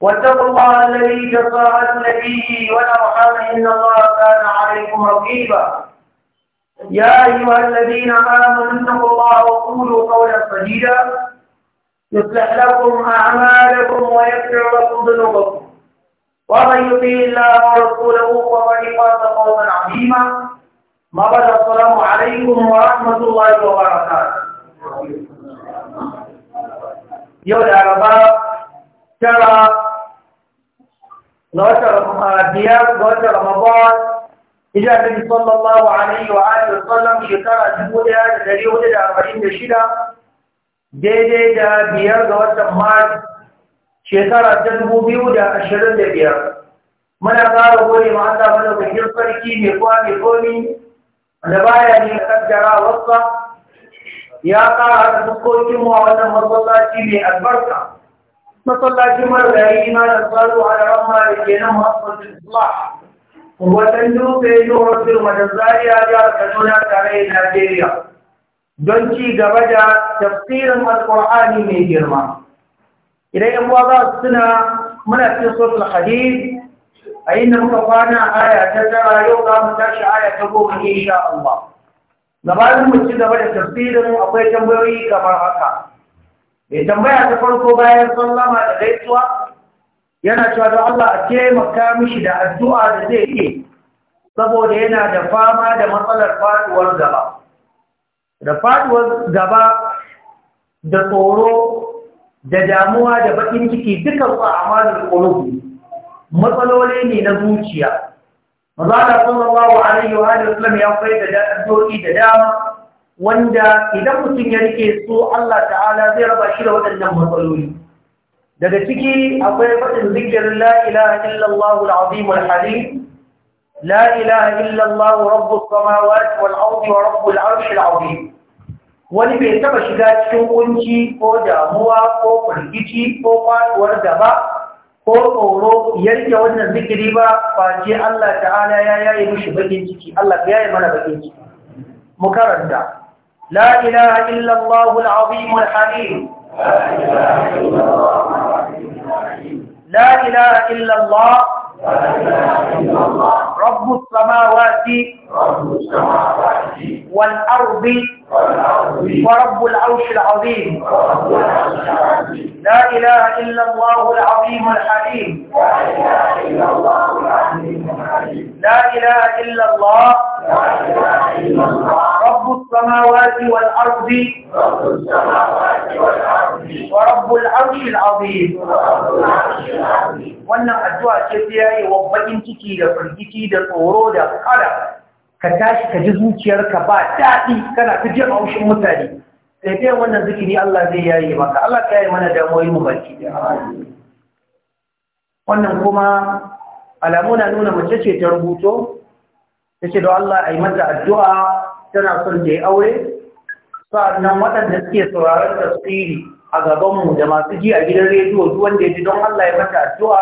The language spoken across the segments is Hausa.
واتقوا الله الذي تساءلون به والارحام ان الله كان عليكم رقيبا يا ايها الذين امنوا اتقوا الله وقولوا قولا سديدا يصلح لكم اعمالكم ويغفر لكم ذنوبكم ومن يطيع الله ورسوله فقد فاز قوما عظيما ما مبدا السلام عليكم ورحمه الله وبركاته يا العرباء شرى لو شرى الديار لو شرى مبار إذا النبي صلى الله عليه وآله وسلم يترى جمهوري هذا دليل هدى الأربعين نشيدا دي دي دا بيار دا وسمات شيطارة جنبو بيو دا أشهدن دي بيار من أقار أولي ما أنت أقول لك يصري كي مقوان مقواني قومي لبايا لي قد جرى وصف يا قار أتبقو كي مو أولا مرض الله كي مي أكبر masallacin marigayi malam faru a da ramma da ke nan muhammadu islah watan dutse yiwuwar firma da zariya jihar kaduna tare da najeriya don ci gaba da tafsirin alkur'ani mai girma idan yan uwa za su tuna muna cikin suratul a inda muka kwana aya ta tara yau za mu tashi aya ta goma insha Allah gabanin mu ci gaba da tafsirin akwai tambayoyi kamar haka mai tambaya ta farko bayan sallama da gaisuwa yana cewa da Allah a taimaka mishi da addu'a da zai yi saboda yana da fama da matsalar faduwar gaba da faduwar gaba da tsoro da damuwa da bakin ciki dukan su amalin qulubi matsaloli ne na zuciya maza da sallallahu alaihi wa sallam ya fayyada da addu'o'i da dama wanda idan mutum ya rike su Allah ta'ala zai raba shi da waɗannan matsaloli daga ciki akwai faɗin zikirin la ilaha illallah al-azim al-halim la ilaha wa rabbul arsh al wani bai taba shiga cikin kunci ko damuwa ko firgici ko da gaba ko tsoro yarke wannan zikiri ba face Allah ta'ala ya yaye mushi bakin ciki Allah ya yi mana bakin ciki mu karanta لا إله إلا الله العظيم الحليم لا إله إلا الله رب السماوات والأرض ورب العرش العظيم لا إله إلا الله العظيم الحليم لا إله إلا الله العظيم الحليم لا إله إلا الله رب السماوات والأرض ورب العرش العظيم وأن أدوى كثيري وبين تكيد فالكتيد الأورود القرى كتاش كجزو تيرك بعد تأتي كنا تجمع وشم تالي إذا وانا ذكري الله ذي يا إيمانك الله كاي وانا دموي مباركي وانا كما alamu na nuna mace ce ta rubuto ta ce da Allah a yi mata addu'a tana son da ya aure sa'annan waɗanda suke sauraron tafsiri a gabanmu da masu ji a gidan rediyo duk wanda ya ji don Allah ya mata addu'a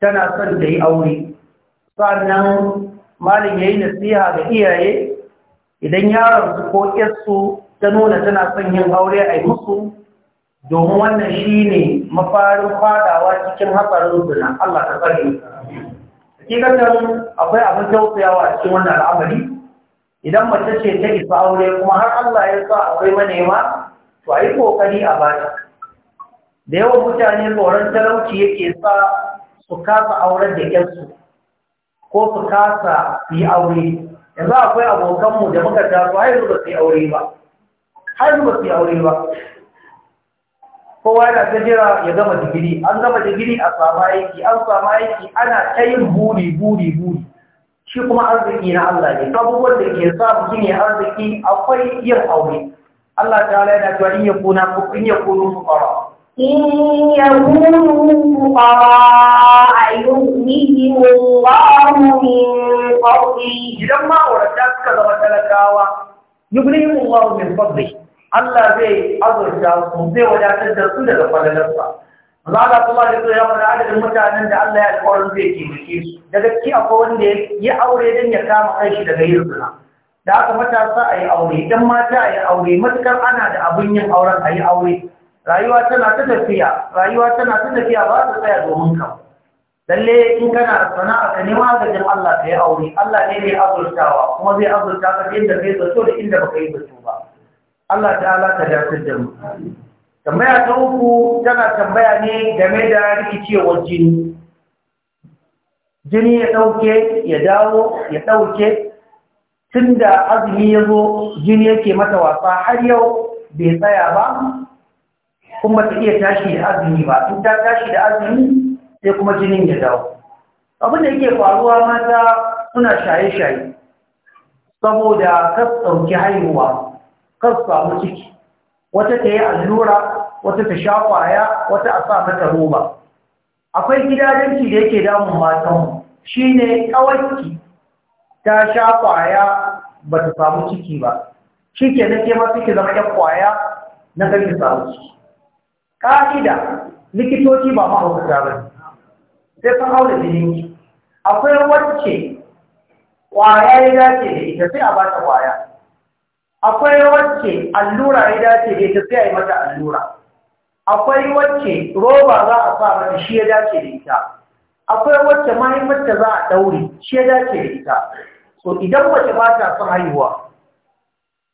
tana son da ya aure sa'annan malin yayi nasiha ga iyaye idan yaron su ko ƙyarsu ta nuna tana son yin aure a musu domin wannan shine mafarin fadawa cikin hatsarin zina Allah ta tsare hakikatan akwai abin tausayawa a cikin wannan al'amari idan mace ce ta isa aure kuma har Allah ya sa akwai manema to a yi kokari a bata da yawan mutane tsoron talauci yake sa su kasa auren da yansu ko su kasa su yi aure yanzu akwai abokanmu da muka taso har yanzu ba su yi aure ba har yanzu ba su yi aure ba kowa yana ta jira ya gama digiri an gama digiri a sama aiki an sama aiki ana ta yin buri buri buri shi kuma arziki na Allah ne abubuwan da ke sa mutum ya arziki akwai yin aure Allah ta ala yana cewa in yakuna in yakunu fuqara in yakunu fuqara yughnihi Allahu min fadlihi idan ma suka zama talakawa yughnihi Allahu min fadlihi Allah zai azurta su zai wadatar da su daga falalarsa Maza kuma da ya fara adadin mutanen da Allah ya alƙawarin zai taimake su da gaske akwai wanda ya aure don ya kama kanshi daga yin suna. da aka matasa a yi aure dan mata a yi aure matukar ana da abin yin auren a yi aure rayuwa tana ta tafiya rayuwa tana ta tafiya ba ta tsaya domin ka lalle in kana da sana'a ka nema agajin Allah ka yi aure Allah ne mai azurtawa kuma zai azurta ka yadda kai zato da inda baka yi zato ba Allah ta'ala ka dace da mu tambaya ta uku tana tambaya ne game da rikicewar jini jini ya ɗauke ya dawo ya ɗauke Tunda azumi ya zo jini yake mata wasa har yau bai tsaya ba kuma ta iya tashi da azumi ba tun ta tashi da azumi sai kuma jinin ya dawo abin da yake faruwa mata suna shaye-shaye saboda kas ɗauki haihuwa kar su samu ciki wata ta yi allura wata ta sha kwaya wata a sa mata roba akwai gidajenki da yake damun matanmu shi ne kawarki ta sha kwaya ba ta samu ciki ba shi ke na ke masu ke zama ‘yan kwaya na ƙarfi samu ciki ƙa'ida likitoci ba ma ta ba sai sun hau da jininki akwai wacce kwaya ya dace da ita sai a ba ta kwaya akwai wacce allura ya dace da ita sai a yi mata allura akwai wacce roba za a sa mata shi ya dace da ita akwai wacce mahimmanci za a ɗaure shi ya dace da ita so idan mace ba ta son haihuwa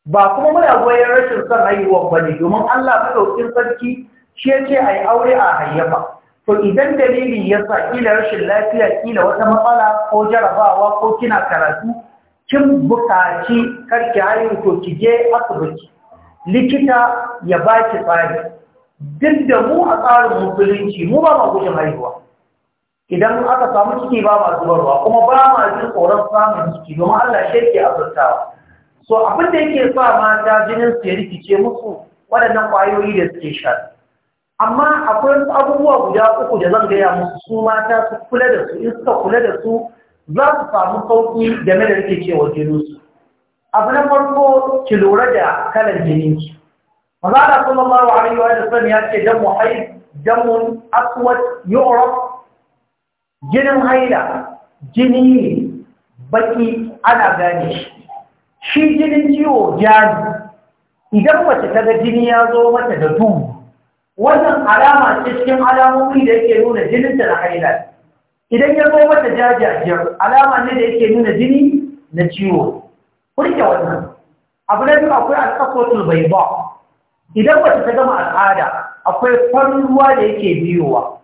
ba kuma muna goyon rashin son haihuwa ba ne domin allah ɗauki sarki shi ya ce a yi aure a hayyafa to idan dalilin ya sa ƙila rashin lafiya ƙila wata matsala ko jarabawa ko kina karatu kin buƙaci ki haihu to ki je asibiti likita ya baki tsari duk da mu a tsarin musulunci mu ba ma gudun haihuwa idan aka samu ciki ba ma zubarwa kuma ba ma jin tsoron samun ciki domin Allah shi yake azurtawa so abin da yake sa mata jinin su ya rikice musu waɗannan kwayoyi da suke sha amma akwai abubuwa guda uku da zan gaya musu su mata su kula da su in suka kula da su za su samu sauƙi game da rike cewa jininsu abu na farko ki lura da kalar jininki mazala sallallahu alaihi wa sallam ya ce damu haid damun aswad yu'raf jinin haila jini baki ana gane shi shi jinin ciwo jari idan mace ta ga jini ya zo mata da duhu wannan alama ce cikin alamomi da yake nuna ta na haila idan ya zo mata jajajiyar alama ne da yake nuna jini na ciwo kurke wannan abu na biyu akwai alƙasotul bai ba idan ba ta gama al'ada akwai farin ruwa da yake biyowa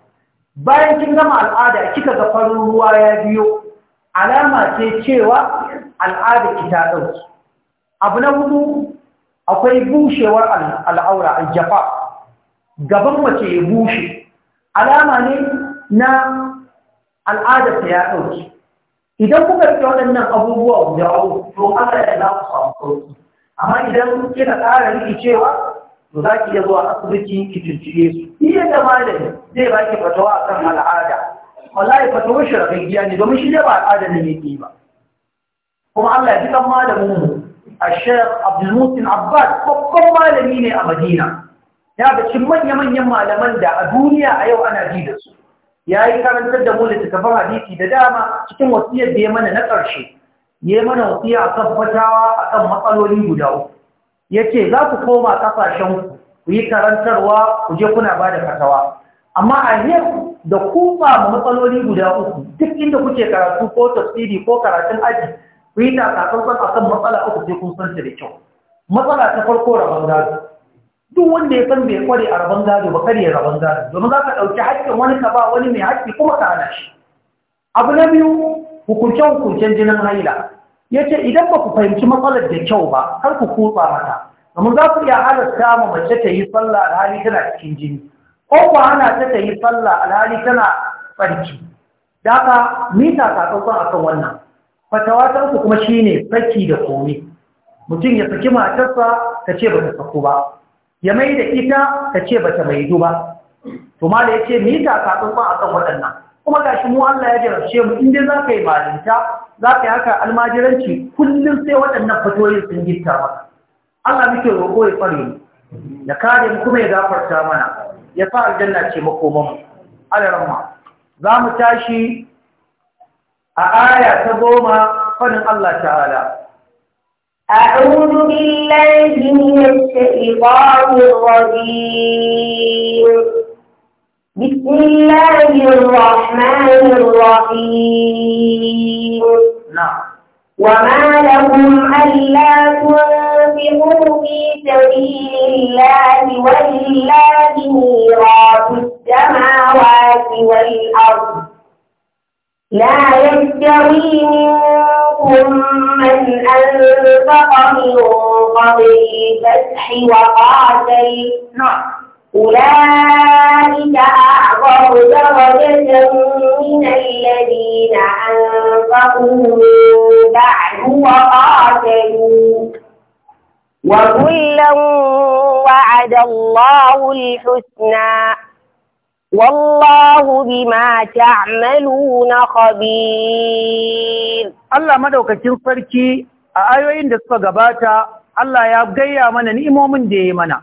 bayan kin gama al'ada kika ga farin ruwa ya biyo alama ce cewa al'ada ki ta ɗauki abu na hudu akwai bushewar al'aura jafa gaban mace ya bushe alama ne na al'adar ta ya ɗauki idan kuka rike waɗannan abubuwa guda uku to aka yi za ku samu sauki amma idan kina ƙara rikicewa to za ki iya zuwa asibiti ki tuntuɓe su iya da malami zai ba ki fatawa akan al'ada wallahi fatawar shi ragaggiya ne domin shi ne ba al'ada ne yake ba kuma Allah ya ji kan malamin mu الشيخ عبد المحسن عباس babban malami ne a Madina ya ga cikin manya-manyan malaman da a duniya a yau ana ji da su ya yi karantar da mu littattafan hadisi da dama cikin wasiyar da ya mana na ƙarshe ya mana wasiya a kan fatawa a kan matsaloli guda uku ya ce za ku koma ƙasashen ku yi karantarwa ku je kuna ba da fatawa amma a yau da kufa matsaloli guda uku duk inda kuke karatu ko tafsiri ko karatun aji ku yi takasantsan a kan matsala uku je kun san da kyau matsala ta farko rabon gado duk wanda ya san bai kware a rabon gado ba kare rabon gado domin za ka ɗauki haƙƙin wani ka ba wani mai haƙƙi kuma ka hana shi abu na biyu hukunce-hukuncen jinin haila ya ce idan ba ku fahimci matsalar da kyau ba kar ku kutsa mata domin za ku iya halatta ma mace ta yi sallah alhali tana cikin jini ko ku hana ta ta yi sallah alhali tana tsarki da ka mita tsakaukon akan wannan fatawatarku kuma shine saki da komi mutum ya saki matarsa ta ce ba ta saku ba ya mai da ita ka ce ba ta mai ba to ma da ya ce mita kafin ba akan waɗannan kuma ga shi mu Allah ya jarabce mu inda za ka yi malinta za ka yi haka almajiranci kullum sai waɗannan fatoyin sun gitta ba Allah muke roƙo ya fare mu ya kare mu kuma ya gafarta mana ya sa aljanna ce makomanmu alarma za mu tashi a aya ta goma fadin Allah ta'ala أعوذ بالله من الشيطان الرجيم بسم الله الرحمن الرحيم نعم وما لهم ألا تنفقوا في سبيل الله ولله ميراث السماوات والأرض لا يستوي منكم ومنهم من أنفق من قبل الفتح وقاتل نعم. أولئك أعظم درجة من الذين أنفقوا من بعد وقاتلوا وكلا وعد الله الحسنى والله بما na خبير Allah madaukakin sarki a ayoyin da suka gabata Allah ya gayya mana ni'imomin da yi mana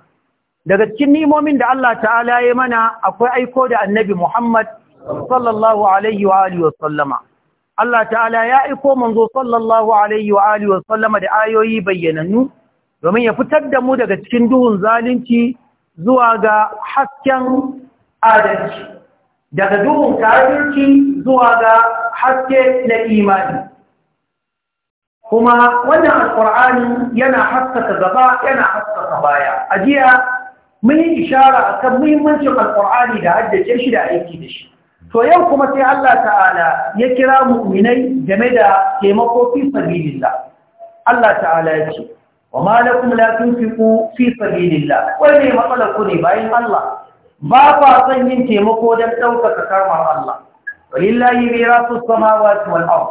daga cikin ni'imomin da Allah ta'ala yayi mana akwai aiko da Annabi Muhammad sallallahu alaihi wa alihi Allah ta'ala ya aiko manzo sallallahu alaihi wa alihi da ayoyi bayyanannu domin ya fitar da mu daga cikin duhun zalunci zuwa ga hasken adalci daga duhun kafirci zuwa ga haske na imani kuma wannan alƙur'ani yana haskaka gaba yana haskaka baya a jiya mun yi ishara a kan muhimmancin alƙur'ani da haddace shi da aiki da shi to yau kuma sai Allah ta'ala ya kira mu'minai game da taimako fi sabilillah Allah ta'ala ya ce wa ma lakum la tunfiqu fi sabilillah wai ne matsalar ku ne bayan Allah ba kwa son yin taimako don ɗaukaka karmar Allah walillahi mirasu samawati wal ard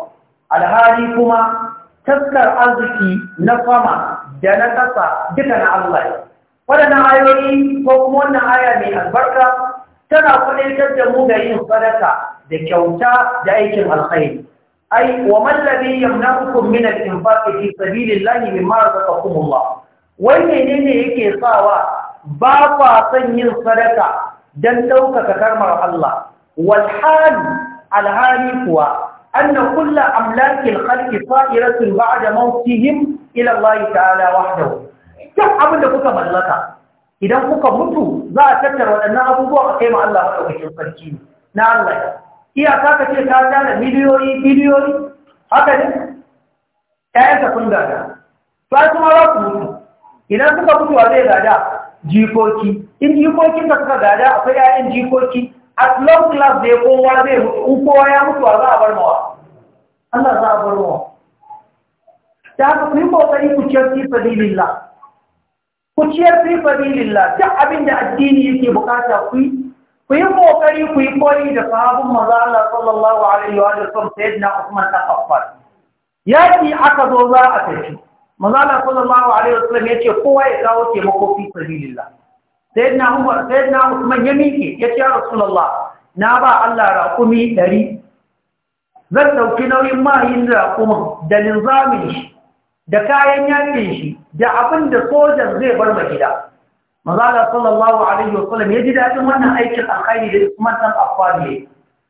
alhali kuma taskar arziki na fama da na ƙasa duka na Allah ne waɗannan ayoyi ko kuma wannan aya mai albarka tana kwadaitar da mu ga yin sadaka da kyauta da aikin alkhairi ai wa man ladhi yamna'ukum min al-infaq fi sabilillahi mimma razaqakumullah wai menene yake sawa ba kwa son yin sadaka don ɗaukaka karmar Allah walhali alhali kuwa anna kulla amlakin khalqi sa'iratun ba'da mautihim ila Allah ta'ala wahdahu duk abin da kuka mallaka idan kuka mutu za a tattara waɗannan abubuwa a kai Allah Allah madaukakin sarki na Allah iyaka ka ce ka tana miliyoyi biliyoyi haka ne ƴaƴanka sun gada ba kuma za su mutu idan suka mutu wa zai gada jikoki in jikokin da suka gada akwai yayin jikoki at long class dai kowa zai mutu in kowa ya mutu za a bar mawa Allah za a bar mawa ta haka ku yi kokari ku ciyar fi sabilillah ku ciyar fi sabilillah duk abin da addini yake bukata ku yi ku yi kokari ku yi koyi da sahabin maza Allah sallallahu alaihi wa sallam sayyidina Usman ta Affan yaki aka zo za a tafi manzala sallallahu alaihi wasallam yace kowa ya kawo taimako fi sabilillah sayyidina Umar sayyidina Usman ya mike yace ya rasulullah na ba Allah raƙumi ɗari. zan dauki nauyin mahin raƙumin da nizamin shi da kayan yaƙin shi da abin da sojan zai bar ma gida manzala sallallahu alaihi wasallam ya ji dadin wannan aikin alkhairi da Usman dan Affan ne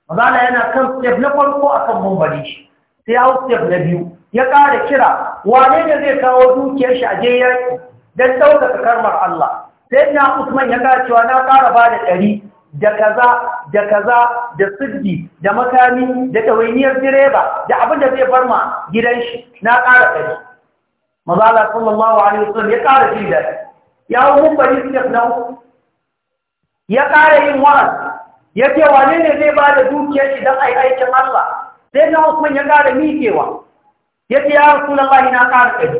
manzala yana kan step na farko akan mumbari shi sai ya step na biyu ya ƙara kira wane ne zai kawo dukiyar shi a je yaƙi don ɗaukaka karmar Allah sai na Usman ya ƙara cewa na ƙara ba da ɗari da kaza da kaza da siddi da makami da ɗawainiyar direba da abin da zai bar ma gidan shi na ƙara ɗari mazala sallallahu alaihi wasallam ya ƙara jin da ya hau mun bari su na uku ya ƙara yin wa'azi ya ce wane ne zai ba da dukiyar shi don ai aikin Allah sai na Usman ya ƙara miƙewa ya ce ya rasu lallahi na ƙara ƙari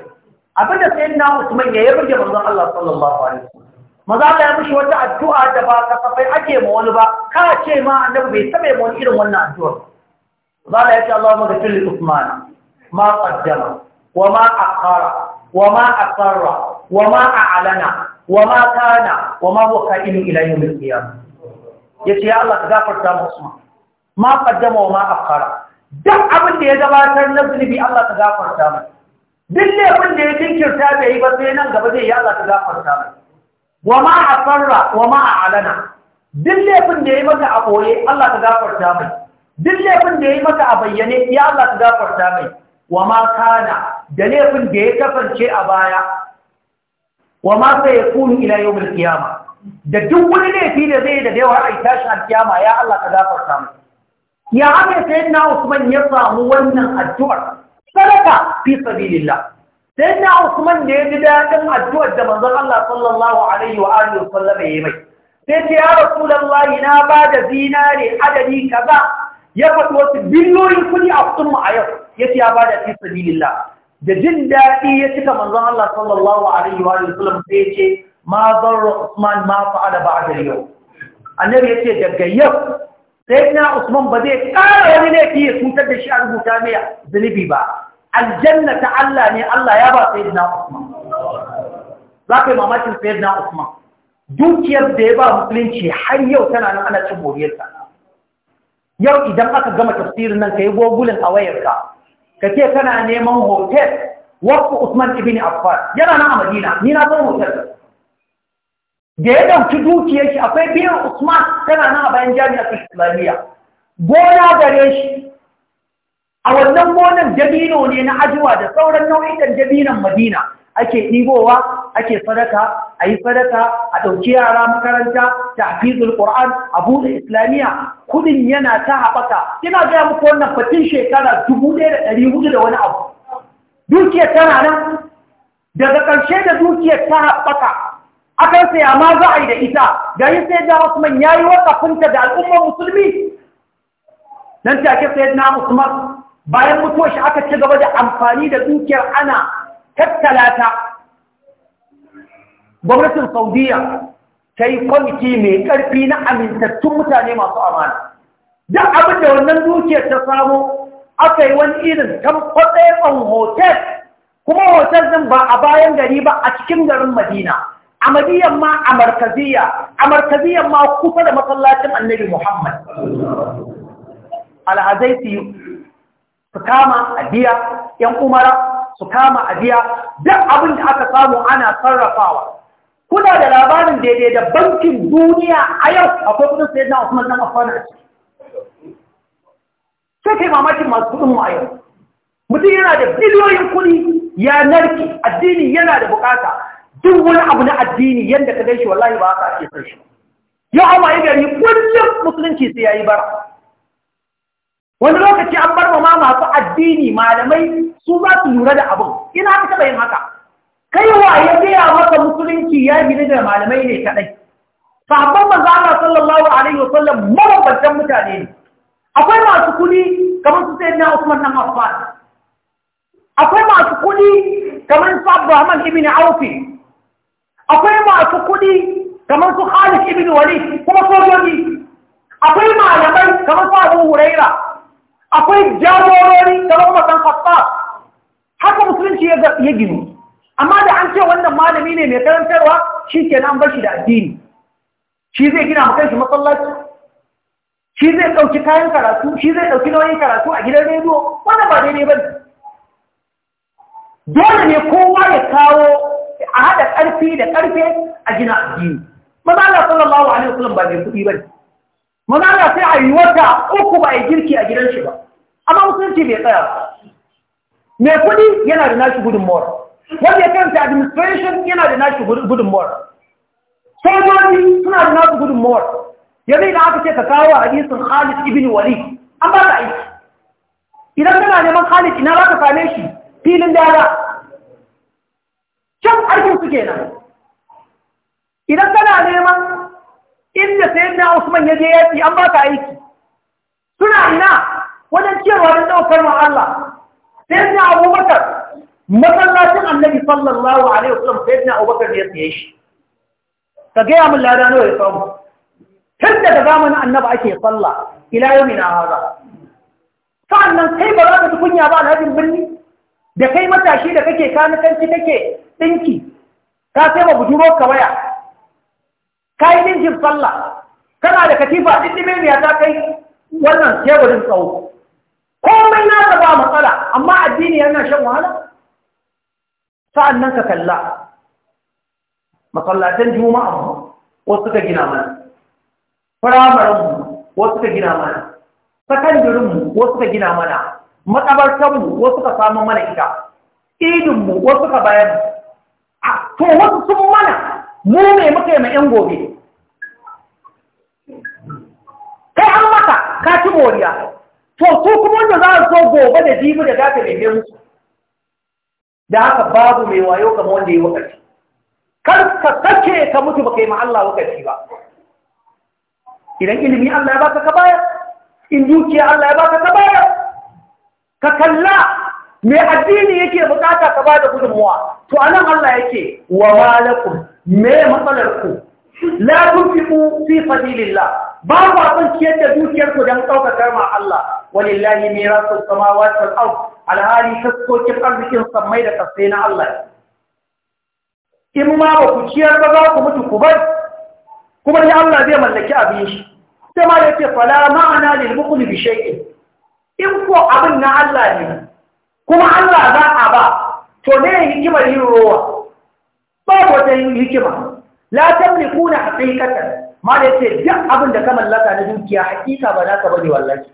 abinda sai na usman ya yi burge manzon Allah sallallahu alaihi wasallam maza Allah ya mishi wata addu'a da ba kafai ake ma wani ba ka ce ma annabi bai taɓa ma wani irin wannan addu'ar maza Allah ya ce Allahumma ghfir li Usman ma qaddama wa ma akhara wa ma asarra wa ma a'lana wa ma kana wa ma huwa ka'in ila yawm al-qiyamah yace ya Allah ka gafarta mu Usman ma qaddama wa ma akhara duk abin da ya gabatar na zunubi Allah ta gafarta mai duk laifin da ya jinkirta da yi ba sai nan gaba zai yi Allah ta gafarta mai wa ma a farra wa ma a alana duk laifin da ya yi maka a boye Allah ta gafarta mai duk laifin da ya yi maka a bayyane ya Allah ta gafarta mai wa ma kana da laifin da ya kasance a baya wa ma sai ya kunu ila yau mulkiyama da duk wani laifi da zai da yawa a tashi alkiyama ya Allah ta gafarta mai ya haka sai na Usman ya samu wannan addu'ar sadaka fi sabilillah sai na Usman da ya ji daɗin addu'ar da manzon Allah sallallahu alaihi wa alihi wa sallam ya yi mai sai ce ya rasulullahi na ba da zinare adadi kaza ya faɗi wasu biliyoyin kuɗi a kudin mu a yau ya ce ya ba da fi sabilillah da jin daɗi ya cika manzan Allah sallallahu alaihi wa alihi wa sallam sai ce ma zarra Usman ma fa'ala ba'da yau annabi ya ce daga yau sai na usman ba zai ƙara wani laifi ya cutar da shi a rubuta mai zunubi ba aljanna ta Allah ne Allah ya ba sai na usman za ka yi mamakin sai na usman dukiyar da ya ba musulunci har yau tana nan ana cin moriyarsa yau idan aka gama tafsirin nan ka yi gogulin a wayarka ka ce kana neman hotel Wasu usman ibn affar yana nan a madina ni na san hotel da ya ɗauki dukiyar shi akwai biyan Usman tana nan a bayan ta Islamiyya gona gare shi a wannan gonan dabino ne na ajiwa da sauran nau'ikan dabinan Madina ake ɗibowa ake sadaka a yi sadaka a ɗauki yara makaranta ta hafizul Qur'an a buɗe Islamiyya Kuɗin yana ta haɓaka ina gaya muku wannan fatin shekara dubu ɗaya da ɗari hudu da wani abu dukiyar tana nan daga ƙarshe da dukiyar ta haɓaka akan saya ma za a yi da ita gari sai da Usman yayi wakafinta da al'ummar musulmi nan take sai na Usman bayan mutuwar shi aka ci gaba da amfani da dukiyar ana tattalata gwamnatin Saudiya ta yi kwamiti mai ƙarfi na amintattun mutane masu amana duk abin da wannan dukiyar ta samo aka yi wani irin tamkwatsayen hotel kuma hotel din ba a bayan gari ba a cikin garin madina amadiyan ma a markaziya a markaziyan ma kusa da masallacin annabi muhammad alhazai su su kama a biya yan umara su kama a duk abin da aka samu ana sarrafawa kuna da labarin daidai da bankin duniya a yau a kudin sai na usman nan afana a ciki kai mamakin masu kudin mu a yau mutum yana da biliyoyin kuɗi ya narki addini yana da bukata duk wani abu na addini yadda ka gaishe wallahi ba haka ake san shi yau Amma waye gari kullum musulunci sai yayi bara wani lokaci an bar ma masu addini malamai su za su lura da abin ina ka taɓa yin haka kai wa ya gaya maka musulunci ya gina da malamai ne kaɗai sabon manzo Allah sallallahu alaihi wasallam mabambantan mutane ne akwai masu kuɗi kamar su sayyidina Usman dan Affan akwai masu kuɗi kamar su Abdurrahman ibn Auf akwai masu kuɗi kamar su Khalid ibn Walid kuma sojoji akwai malamai kamar su Abu Huraira akwai jagorori kamar kuma San Khattab haka musulunci ya gino. amma da an ce wannan malami ne mai karantarwa shikenan bar shi da addini shi zai gina maka shi masallaci shi zai ɗauki kayan karatu shi zai ɗauki nauyin karatu a gidan rediyo wannan ba daidai bane dole ne kowa ya kawo a haɗa ƙarfi da ƙarfe a gina addini maza Allah sallallahu alaihi wasallam ba mai kuɗi ba ne. maza Allah sai a yi wata uku ba a yi girki a gidan shi ba amma musulunci bai tsaya ba mai kuɗi yana da nashi gudunmawar wanda ya kanta administration yana da nashi gudunmawar sojoji suna da nasu gudunmawar yanzu idan aka ce ka kawo hadisin Khalid ibn Walid an ba aiki idan kana neman Khalid ina za ka same shi filin dara can arkin su kenan idan kana neman inda sai na Usman ya je yaƙi an ba aiki suna ina wajen cewa da ɗaukar ma Allah sai na Abubakar masallacin annabi sallallahu alaihi wasallam sai na Abubakar ya siye shi ka gaya min lada nawa ya samu tun daga zamanin annaba ake sallah ila yau mina haza sa'annan sai ba za ka tukunya ba alhajin birni da kai matashi da kake kanikanci kake ɗinki ka sai ma buduro ka waya ka yi ɗinkin sallah kana da katifa ɗinɗime ya ta kai wannan teburin tsawo komai na ta ba matsala amma addini yana shan wahala sa'an nan ka kalla masallatan juma'a wasu ka gina mana firamarinmu wasu ka gina mana mu wasu ka gina mana matsabartan mu wasu ka samun mana ita mu wasu ka bayan to wasu sun mana mu ne muka yi ma 'yan gobe kai an maka ka ci moriya to su kuma wanda za su so gobe da jibi da dafe mai musu da haka babu mai wayo kama wanda ya wakati kar ka sake ka mutu baka yi ma Allah wakati ba idan ilimi Allah ya baka ka bayar in dukiya Allah ya baka ka bayar ka kalla me addini yake bukata ka bada gudunmuwa to anan Allah yake wa malakum me matsalar ku la tunfiqu fi sabilillah ba ku san ciyar da dukiyar ku dan daukakar ma Allah walillahi mirasu samawati wal ard alhali kaskokin arzikin samai da kasai na Allah in ma ba ku ciyar ba za ku mutu ku bar kuma ni Allah zai mallaki abin shi sai ma yake fala ma'ana lil muqli bi shay'in in ko abin na Allah ne kuma Allah za a ba to ne yi hikimar yin rowa ba wata hikima kuna la tamlikuna haqiqatan ma da yace duk abin da ka mallaka na dukiya hakika ba za ka bane wallahi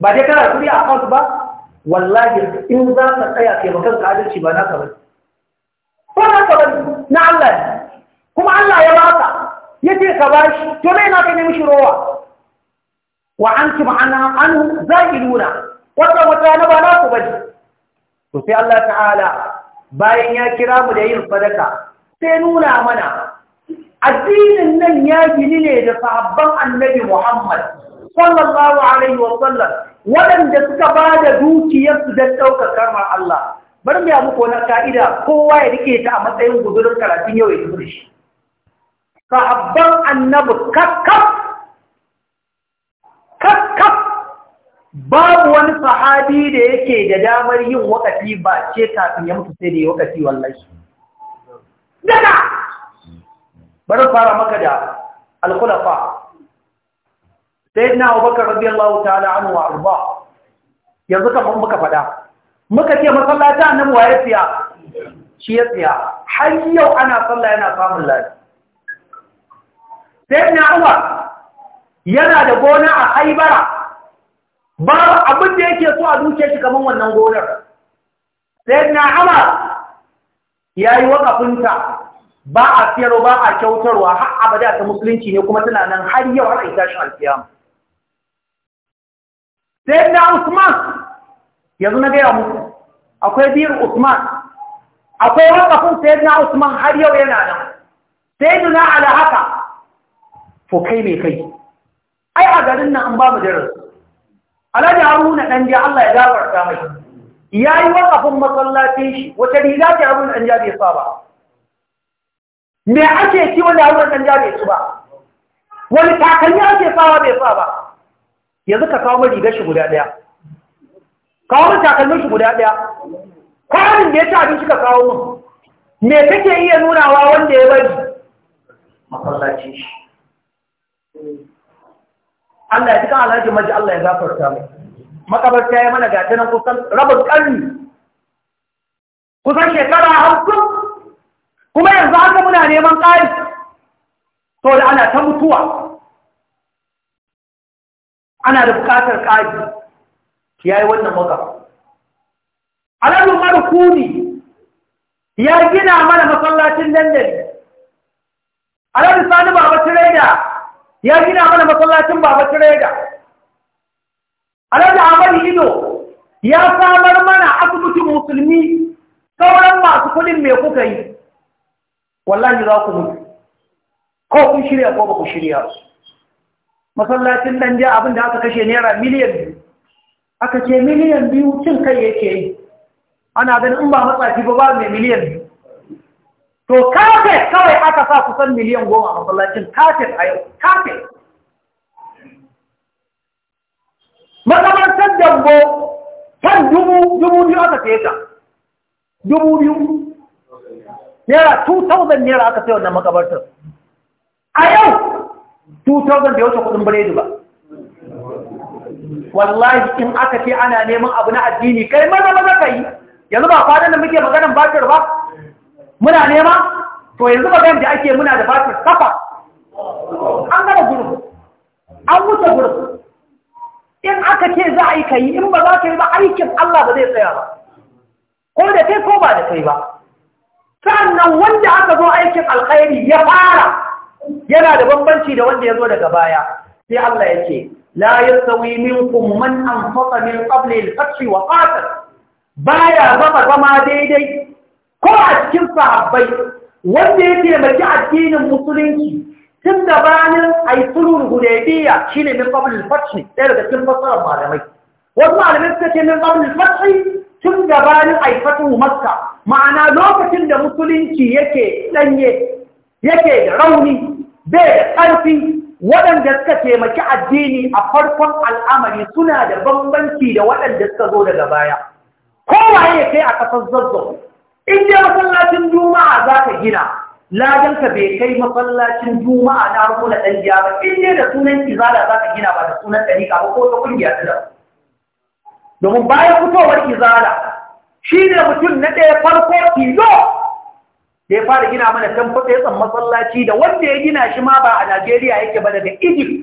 ba dai kana kuri a kansu ba wallahi in za ka tsaya taimakon makan adalci ba naka bane ba naka bane na Allah ne. kuma Allah ya baka yace ka bashi to me na kai ne mishi rowa wa antum anhu zailuna wannan wata na ba na ku bane to sai Allah ta'ala bayan ya kira mu da yin sadaka sai nuna mana addinin nan ya gini ne da sahabban annabi Muhammad sallallahu alaihi wa sallam waɗanda suka ba da dukiyarsu don ɗaukar karmar Allah bari mu ya muku wani ka'ida kowa ya rike ta a matsayin gudurin karatun yau ya tafi shi sahabban annabi kakkaf babu wani sahabi da yake da damar yin wakati ba ce kafin ya mutu sai da wakati wallahi daga bari fara maka da alkhulafa sayyidina abubakar radiyallahu ta'ala anhu wa arba yanzu kamar muka faɗa muka ce masallaci annabi wa ya siya shi ya siya har yau ana sallah yana samun lafiya sayyidina umar yana da gona a haibara ba abin da yake so a duke shi kamar wannan gonar sai na ama ya yi wakafinta ba a siyarwa ba a kyautarwa har abada ta musulunci ne kuma tana nan har yau har ita shi alfiyama sai na usman yanzu na gaya musu akwai biyar usman akwai wakafin sai na usman har yau yana nan sai duna ala haka Fo kai mai kai ai a garin nan an ba mu darasi alhaji haruna dan ja Allah ya gafarta mai yayi wakafin masallacin shi wata riga ce haruna dan ja bai sa ba me ake ci wanda haruna dan ja bai su ba wani takalmi ake sawa bai sa ba yanzu ka kawo mai rigar shi guda daya kawo mai takalmin shi guda daya kwanin da ya ci abinci ka kawo mun me kake iya nunawa wanda ya bari masallacin shi Allah ya cika alhaji maji Allah ya gafarta mai makabarta ya mana gata nan kusan rabin ƙarni kusan shekara hamsin kuma yanzu haka muna neman ƙari to da ana ta mutuwa ana da buƙatar ƙari ya yi wannan makabar alhaji mara kuni ya gina mana masallacin dandali alhaji sani baba tireda ya gina mana masallacin baba tireda alhaji ahmad ido ya samar mana asibitin musulmi sauran masu kudin me kuka yi wallahi za ku mutu ko kun shirya ko ba ku shirya su masallacin dan jiya abin da aka kashe naira miliyan biyu aka ce miliyan biyu cin kai yake yi ana ganin in ba matsafi ba ba mai miliyan biyu to kafet kawai aka sa kusan miliyan goma a masallacin kafet a yau kafet makamantar dambo kan dubu dubu biyu aka saye ta dubu biyu Nera 2000 naira aka sayo wannan makabartar a yau 2000 da yau kudin biredi ba wallahi in aka ce ana neman abu na addini kai maza maza ka yi yanzu ba fadar da muke maganan bakar ba muna nema to yanzu magan da ake muna da fatar kafa an gama gurin an wuce gurin in aka ce za a yi in ba za ka yi ba aikin Allah ba zai tsaya ba ko da kai ko ba da kai ba sannan wanda aka zo aikin alkhairi ya fara yana da bambanci da wanda ya zo daga baya sai Allah ya ce la yastawi minkum man anfaqa min qabli al-fath wa qatal baya zama zama daidai ko a cikin sahabbai wanda ya taimaki addinin musulunci tun da banin aisulun hudaybiya shine min qabl al-fath ɗaya daga cikin fassarar malamai wasu malamai suka ce min qabl al-fath tun da banin aifatu makka ma'ana lokacin da musulunci yake danye yake da rauni bai da ƙarfi waɗanda suka taimaki addini a farkon al'amari suna da bambanci da waɗanda suka zo daga baya kowaye kai a ƙasar zazzau in dai masallacin juma'a za ka gina ladanka bai kai masallacin juma'a na harko da ɗan jiya ba in dai da sunan izala za ka gina ba da sunan ɗariƙa ba ko ta ƙungiya ta domin bayan fitowar izala shi ne mutum na ɗaya farko tilo da ya fara gina mana kan fatsaitsan masallaci da wanda ya gina shi ma ba a najeriya yake ba daga egypt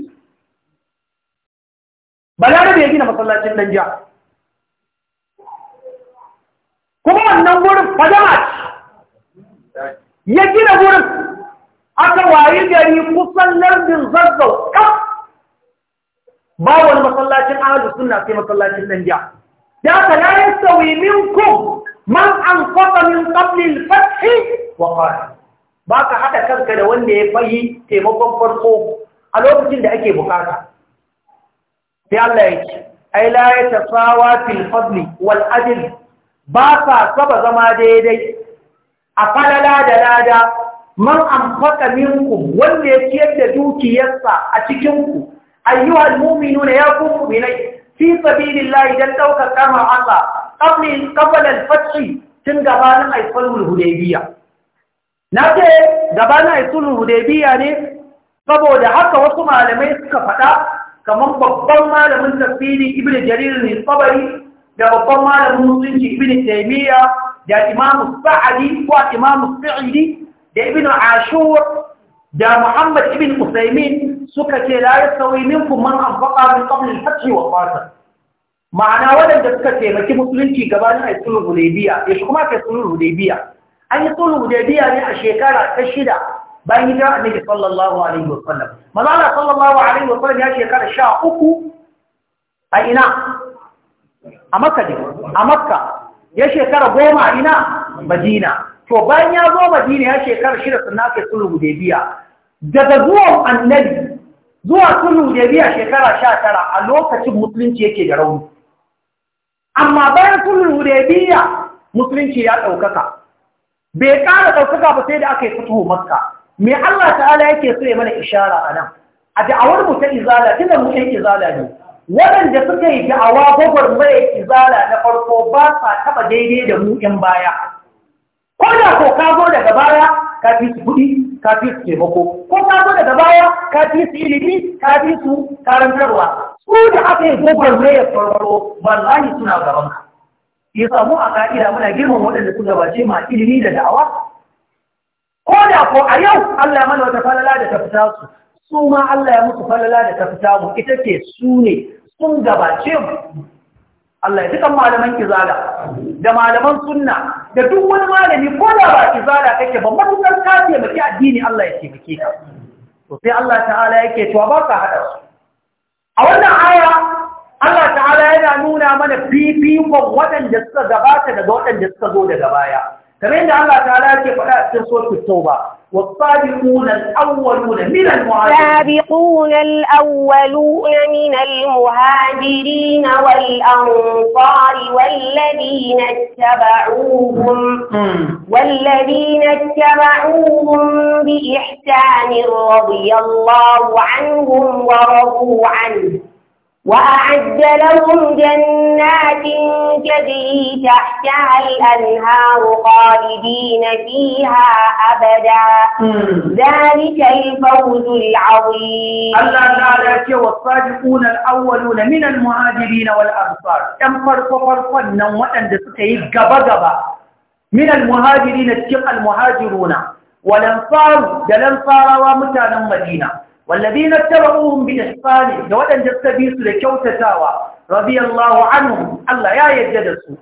balarabe ya gina masallacin ɗan jiya kuma wannan gurin fadama ce ya gina wurin aka wayi gari kusan lardin zazzau kaf ba wani masallacin ahalu suna sai masallacin nan jiya ya ka la yasawi minkum man anfaqa min qabli al wa ba ka haɗa kanka da wanda ya fayi taimakon farko a lokacin da ake bukata sai Allah ya ce ai la yatasawa fil fadli wal ajli ba sa saba zama daidai a falala da lada man amfaka minku wanda ya ciyar da dukiyarsa a cikinku ayyuhal nuna ya kuma minai fi sabilillahi dan daukar kama Allah qabli qabla al-fath tun gabanin aisulul hudaybiya na ce gabanin aisulul hudaybiya ne saboda haka wasu malamai suka faɗa kamar babban malamin tafsiri ibnu jarir ne tsabari da babban malamin musulunci ibn taymiya da imam sa'adi ko imam sa'idi da ibn ashur da muhammad ibn usaymin suka ce la yasawi minkum man anfaqa min qabl al-fath wa qatal ma'ana wadanda suka taimaki musulunci gabanin aisulul hudaybiya ya kuma ke sulhul hudaybiya an yi sulhul hudaybiya ne a shekara ta shida bayan hijira annabi sallallahu alaihi wa sallam manzo sallallahu alaihi wa sallam ya shekara 13 a ina a makka ne a maka ya shekara goma ina madina to bayan ya zo madina ya shekara shida sun nake sulhu hudebiya daga zuwan annabi zuwa sulhu hudebiya shekara sha tara a lokacin musulunci yake da rauni amma bayan sulhu hudebiya musulunci ya ɗaukaka bai ƙara ɗaukaka ba sai da aka yi fito makka me Allah ta'ala yake so ya mana ishara a nan a da'awar mu ta izala tunda mu ta izala ne waɗanda suka yi da'awa gwagwar mai izala na farko ba sa taɓa daidai da mu ‘yan baya. Ko da ko ka zo daga baya ka fi su kuɗi, ka fi su taimako, ko ka zo daga baya ka fi su ilimi, ka fi su karantarwa. Su da aka yi gwagwar mai farfaro, wallahi suna gaban ka. Ya samu a ka'ida muna girman waɗanda su gabace ma ilimi da da'awa. Ko da ko a yau Allah ya mana wata falala da ta fita su, su ma Allah ya musu falala da ta fita mu ita ce su ne sun gabace mu Allah ya dukan malaman izala da malaman sunna da duk wani malami ko da ba izala kake ba matukar ka taimaki addini Allah ya taimake ka to sai Allah ta'ala yake to ba ka hada su a wannan aya Allah ta'ala yana nuna mana fifikon waɗanda suka gabata daga waɗanda suka zo daga baya kamar yadda Allah ta'ala yake faɗa cikin suratul tauba والسابقون الأولون من المهاجرين السابقون الأولون من المهاجرين والأنصار والذين اتبعوهم والذين اتبعوهم بإحسان رضي الله عنهم ورضوا عنه وأعد لهم جنات تجري تحتها الأنهار خالدين فيها أبدا ذلك الفوز العظيم الله تعالى والصادقون الأولون من المهاجرين والأنصار كم فرق فرق نوعا دسكي غبا غبا من المهاجرين تشق المهاجرون والأنصار دلنصار ومتانا مدينة wallabi na taba'uhum bi ihsani da waɗanda suka su da kyautatawa radiyallahu anhu Allah ya yarda da su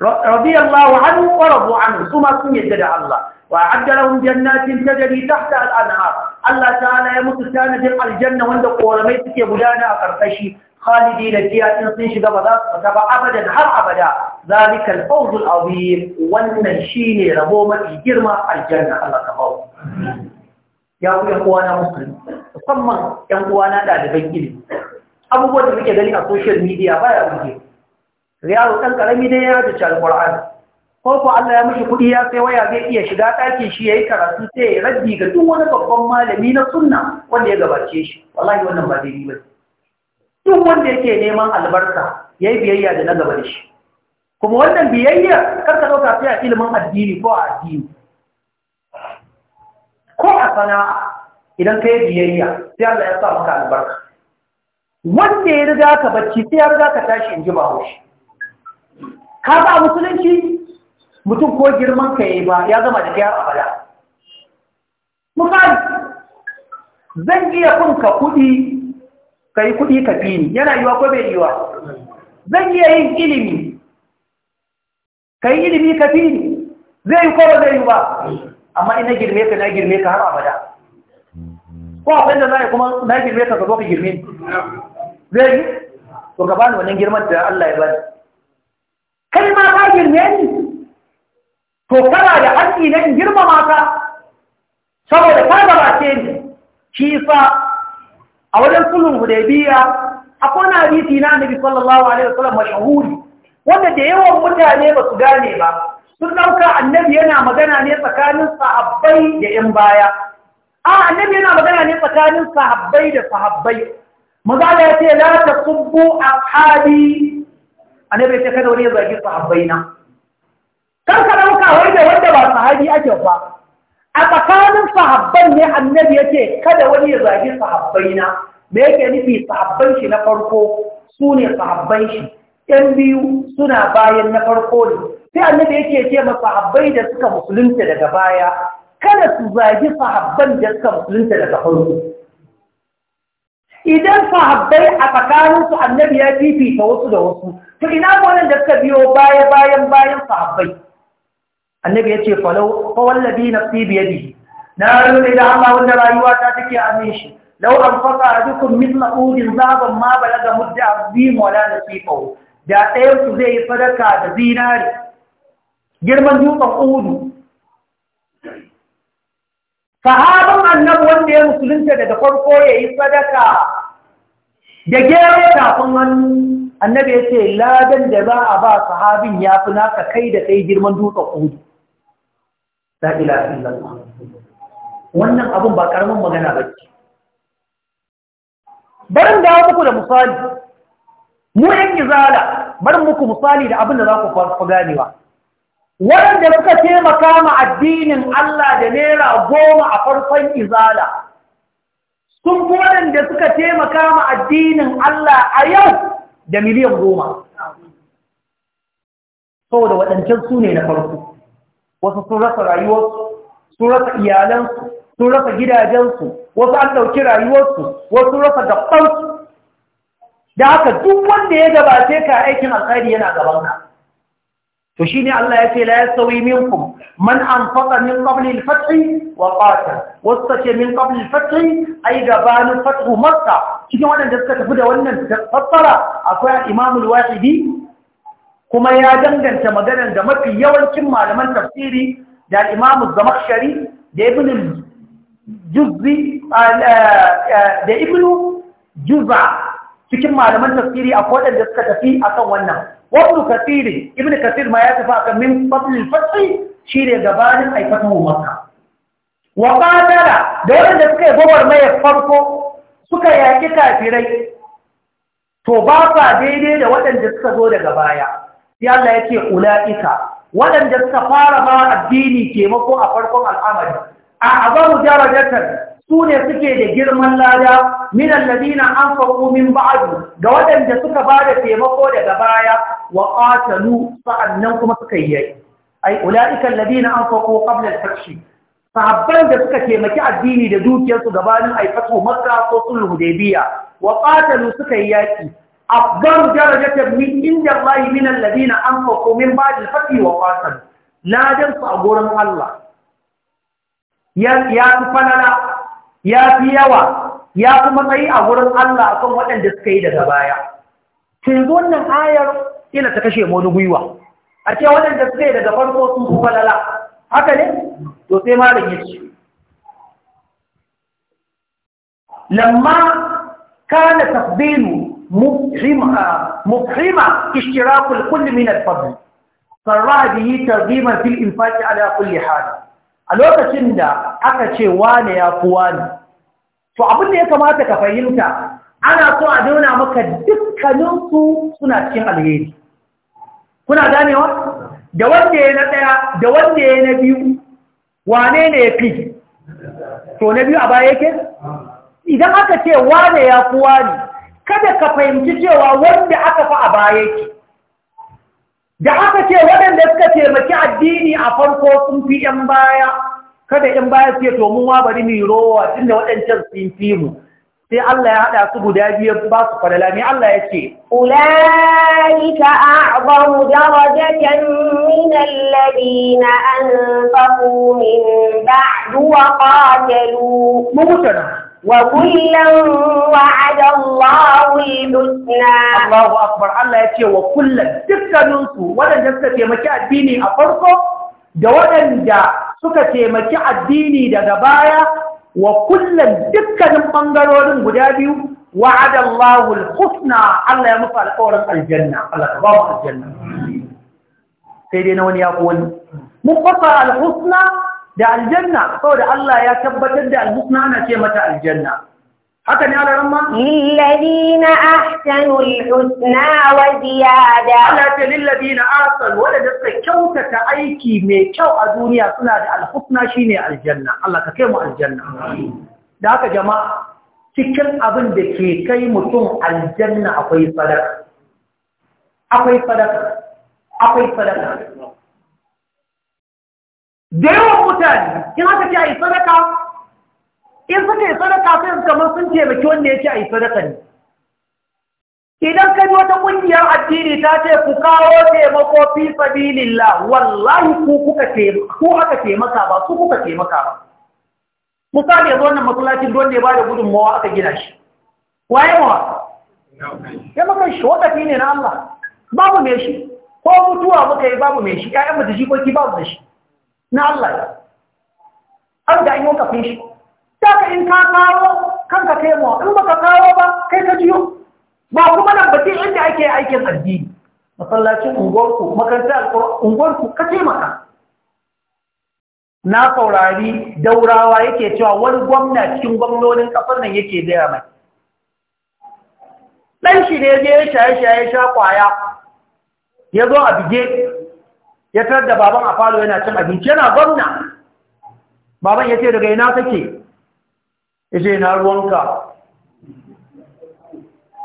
radiyallahu anhu wa radu anhu su sun yarda da Allah wa a'adda lahum jannatin tajri tahta al Allah ya mutu tanadin aljanna wanda koramai suke gudana a karkashi خالدين فيها تنصين شغب ذا أبدا هر أبدا ذلك الفوز العظيم والنشين ربوما في جرمى الجنة الله كفاو ya ku yan uwana musulmi musamman yan uwana ɗaliban ilimi abubuwan da muke gani a social media baya buge yaro ɗan ƙarami dai ya rubuta alƙur'ani ko ko Allah ya mishi kuɗi ya sai waya zai iya shiga ɗakin shi yayi karatu sai ya raddi ga duk wani babban malami na sunna wanda ya gabace shi wallahi wannan ba daidai ba duk wanda yake neman albarka yayi biyayya da na gaba da shi kuma wannan biyayya kar ka sai a ilimin addini ko a addini ko a sana'a idan ka yi biyayya sai Allah ya sa maka albarka wanda ya riga ka bacci sai ya riga ka tashi in ji ba haushi ka ba musulunci mutum ko girman ka yi ba ya zama da kyar abada misali zan iya kun ka kuɗi ka yi kuɗi ka fi ni yana yiwa ko bai yiwa zan iya yin ilimi ka yi ilimi ka fi ni zai yi ko ba zai yi ba amma ina girme ka na girme ka har abada ko abin da za kuma na girme ka zo ka girme zai yi to ka bani wannan girman da Allah ya bani kai ma ka girme ni to kana da haƙƙi na in girmama ka saboda ka gabace ni shi fa a wajen sulhun hudaybiya akwai hadisi na annabi sallallahu alaihi wasallam mashhuri wanda da yawan mutane ba su gane ba sun ɗauka annabi yana magana ne tsakanin sahabbai da ‘yan baya. A annabi yana magana ne tsakanin sahabbai da sahabbai. Magana ya ce, La ta a hadi, annabi ya ce kada wani ya zagi sahabbai na. Kar ka ɗauka wai da wanda ba sahabi ake ba. A tsakanin sahabban ne annabi ya ce kada wani ya zagi sahabbai na. Me yake nufi sahabban shi na farko su ne sahabban shi. ‘Yan biyu suna bayan na farko ne. sai annabi yake ce ma sahabbai da suka musulunta daga baya kada su zagi sahabban da suka musulunta daga farko idan sahabbai a tsakaninsu annabi ya fifita wasu da wasu to ina wannan da suka biyo baya bayan bayan sahabbai annabi ya ce falau fa wallabi nafsi biyadi na rubuta da Allah wanda rayuwa ta take amin shi لو أنفق أحدكم مثل أود ذهبا ما بلغ مدة عظيم ولا نصيفه da su zai yi sadaka da zinari girman dutsen uhudu sahaban annabi wanda ya musulunta daga farko ya yi sadaka da gero kafin hannu annabi ya ce ladan da za a ba sahabin ya fi naka kai da kai girman dutsen uhudu la ilaha wannan abun ba karamin magana ba ce barin da muku da misali mu yan izala barin muku misali da abin da za ku farfa ganewa waɗanda suka taimaka ma addinin Allah da naira goma a farkon izala sun fi waɗanda suka taimaka ma addinin Allah a yau da miliyan goma saboda waɗancan su ne na farko wasu sun rasa rayuwarsu sun rasa iyalansu sun rasa gidajensu wasu an ɗauki rayuwarsu wasu sun rasa gabansu da haka duk wanda ya gabace ka aikin alkhairi yana gabanka to shi ne Allah ya ce la yasawi minkum man anfaqa min qabli al-fath wa qatal wasace min qabli al-fath ay gabanu fath makka cikin wadanda suka tafi da wannan fassara akwai al-imam al-wahidi kuma ya danganta maganar da mafi yawancin malaman tafsiri da al-imam az-zamakhshari da ibn al-juzzi da ibn juz'a cikin malaman tafsiri akwai wadanda suka tafi akan wannan wabnu katiri ibn katir ma ya tafi akan min fadlil shi shine gabanin aikatan makka wa qadara da wanda suka yi gobar mai farko suka yaki kafirai to ba fa daidai da waɗanda suka zo daga baya sai Allah yake ulaika waɗanda suka fara ma addini mako a farkon al'amari a azamu darajatan su ne suke da girman lada min alladina anfaqu min ba'adu, ga waɗanda suka ba da taimako daga baya wa qatalu sa'annan kuma suka yi ai ulaika alladina anfaqu qabla al-fath sahabban da suka taimaki addini da dukiyarsu gabanin aikatu makka ko sulhu hudaybiya wa qatalu suka yi yaki afdal darajatar min inda Allah min alladina anfaqu min ba'd al wa qatalu ladan su a gurin Allah ya ya fanala ya fi yawa ya fi matsayi a wurin Allah akan waɗanda suka yi daga baya tun wannan ayar ina ta kashe wani gwiwa a ce waɗanda suka yi daga farko sun su falala haka ne to sai ma ya yake. lamma kana tafdilu مبحمة da yi الكل من الفضل صرح ala kulli في a lokacin da aka ce wane ya fi wani. to abin da ya kamata ka fahimta ana so a nuna maka dukkaninsu suna cikin alheri kuna ganewa da wanda ya na ɗaya da wanda ya na biyu wane ne ya fi to na biyu a baya yake idan aka ce wane ya kuwa ne kada ka fahimci cewa wanda aka fi a baya yake da aka ce waɗanda suka taimaki addini a farko sun fi ‘yan baya kada in baya ce to mun wabari bari rowa tunda waɗancan sun fi mu sai Allah ya haɗa su guda biyar ba su falala ne Allah ya ce ulaika a'zamu darajatan min alladhina anfaqu min ba'du wa qatalu mutana wa kullan wa'ada Allahu al-husna Allahu akbar Allah ya ce wa kullan dukkaninsu waɗanda suka taimaki addini a farko da waɗanda suka taimaki addini daga baya wa kullum dukkanin ɓangarorin guda biyu wa'ada Allahu al-husna Allah ya musu alƙawarin aljanna Allah ta ba mu aljanna sai dai na wani ya wani mun fasa al-husna da aljanna saboda Allah ya tabbatar da al-husna ana ce mata aljanna haka ne ala ramma lilladina ahsanu alhusna wa ziyada ala ta lilladina ahsanu wanda da suka kyautata aiki mai kyau a duniya suna da alhusna shine aljanna Allah ka kai mu aljanna da haka jama'a cikin abin da ke kai mutum aljanna akwai sadaka akwai sadaka akwai sadaka da yawan mutane in haka ce yi sadaka in suka yi sadaka sai su kamar sun taimaki wanda ya ce a yi sadaka ne idan kai wata ƙungiyar addini ta ce ku kawo taimako fi sabilillah wallahi ku kuka ku aka taimaka ba su kuka taimaka ba misali yanzu wannan masallacin don ne ba da gudunmawa aka gina shi waye mawa ya maka shi wakafi ne na Allah babu me shi ko mutuwa muka yi babu me shi ƴaƴan mutu jikoki babu da shi na Allah an ga an yi wakafin shi Saka in ka kawo kanka kai mu in baka kawo ba kai ka jiyo ba kuma nan bace inda ake aikin addini masallacin unguwarku makarantar unguwarku ka taimaka na saurari daurawa yake cewa wani gwamna cikin gwamnonin kafar nan yake gaya mai ɗan shi ne je shaye-shaye sha kwaya ya zo a bige ya tar da baban a falo yana cin abinci yana gwamna baban ya ce daga ina kake ya ce na ruwanka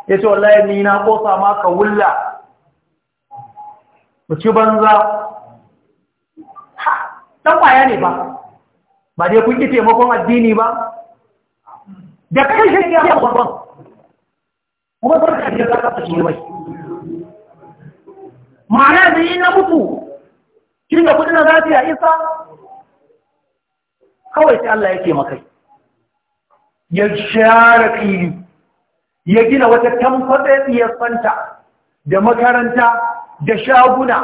ya ce wallahi ni na kosa ma ka wulla ci banza ha ɗan ƙwaya ne ba ba dai kun ƙi taimakon addini ba da kai shi ne ya kwanfan kuma ba ka biyar ƙasa shi mai ma'ana zai yi na mutu shi da kudin na zafi a isa kawai sai Allah ya ce makai ya share fili ya gina wata tamfatsetsiyar santa da makaranta da shaguna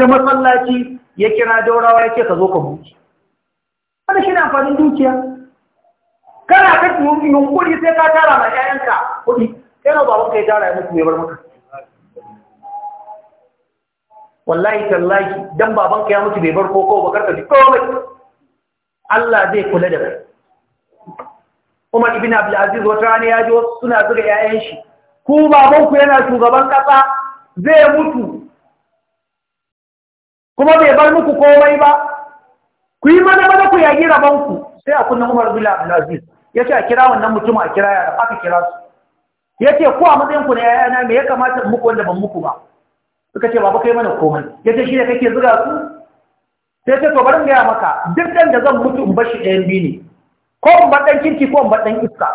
da matsalaci ya kira daurawa ya ce ka zo ka buci Wani shi na amfanin dukiya kana ka yunkuri sai ka tara ma 'ya'yanka kuɗi yana baban ka ya tara ya mutu ya bar maka wallahi tallahi dan baban ya mutu bai bar koko ba ka ji komai Allah zai kula da kai Umar ibn Aziz, wata rana ya ji wasu suna zuga 'ya'yan shi ku babanku yana shugaban ƙasa zai mutu kuma bai bar muku komai ba ku yi mana mana ku yagi rabanku sai a kunna Umar ibn Aziz ya ce a kira wannan mutum a kira yara aka kira su ya ce ku a matsayin ku na yayana me ya kamata muku wanda ban muku ba suka ce baba kai mana komai ya ce shi ne kake zuga su sai ce to bari gaya maka duk da zan mutu in bar shi ɗayan biyu ne ko in bar dan kirki ko in bar dan iska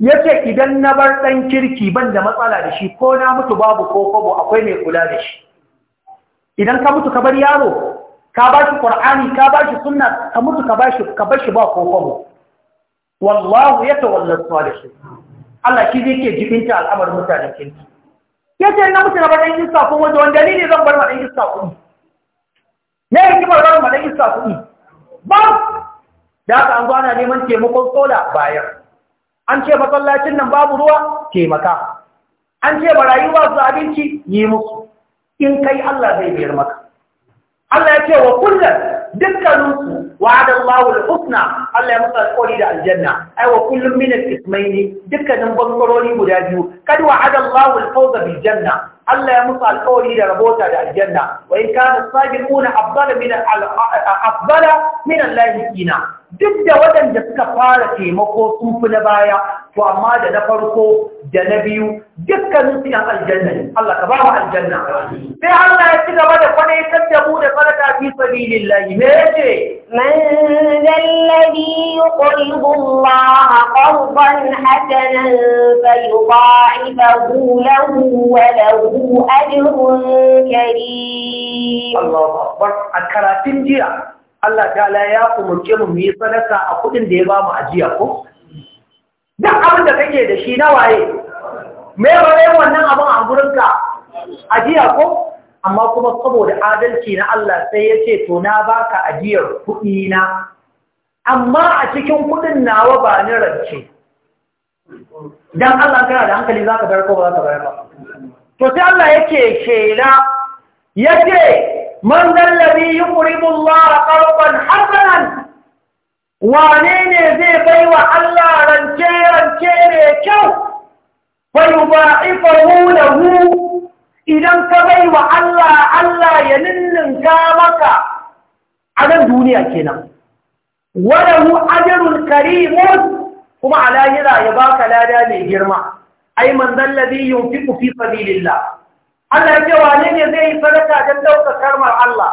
yace idan na bar dan kirki ban da matsala da shi ko na mutu babu ko kobo akwai mai kula da shi idan ka mutu ka bar yaro ka ba shi qur'ani ka ba shi sunna ka mutu ka ba shi ka bar shi ba ko kobo wallahu yatawalla salihin Allah shi zai ke jibinta al'amarin mutanen kirki yace na mutu na bar dan iska ko wanda wanda ne zan bar ma dan iska kuɗi ne yin bar ma dan iska kuɗi ba da aka an ana neman taimakon sola bayan an ce masallacin nan babu ruwa taimaka an ce barayi ba su abinci yi musu in kai Allah zai biyar maka Allah ya ce wa kullum dukkaninsu wa'adan lawul husna Allah ya musu alƙawari da aljanna ai wa kullum min al-ismaini dukkanin bangarori guda biyu kad wa'adan lawul fawza bil janna Allah ya musu alƙawari da rabota da aljanna wa in kana sabiquna afdala min al-afdala min al duk da waɗanda suka fara taimako sun fi na baya to amma da na farko da na biyu dukkanin su yan aljanna ne Allah ka ba mu aljanna sai Allah ya ci gaba da kwana ya da mu da sadaka fi sabilillahi me yace man alladhi yuqridu Allah qardan hasanan fayudha'ifahu lahu wa lahu ajrun karim Allah akbar a karatun jiya Allah ta'ala ya umurce mu yi sadaka a kudin da ya bamu ajiya ko duk abin da kake da shi na waye me wannan abin a gurinka ajiya ko amma kuma saboda adalci na Allah sai ya ce to na baka ajiyar kuɗi na amma a cikin kuɗin nawa ba ni rance dan Allah kana da hankali zaka bar ko ba zaka bar ba to sai Allah yake shela yake man zallabi yuqridu Allah qardan hasanan wane ne zai bai wa Allah rance rance ne kyau fa yudha'ifahu lahu idan ka bai wa Allah Allah ya ninninka maka a nan duniya kenan walahu ajrun karimun kuma a lahira ya baka lada mai girma ai man zallabi yunfiqu fi sabilillah Allah ya wane ne zai yi sadaka don ɗaukar karmar Allah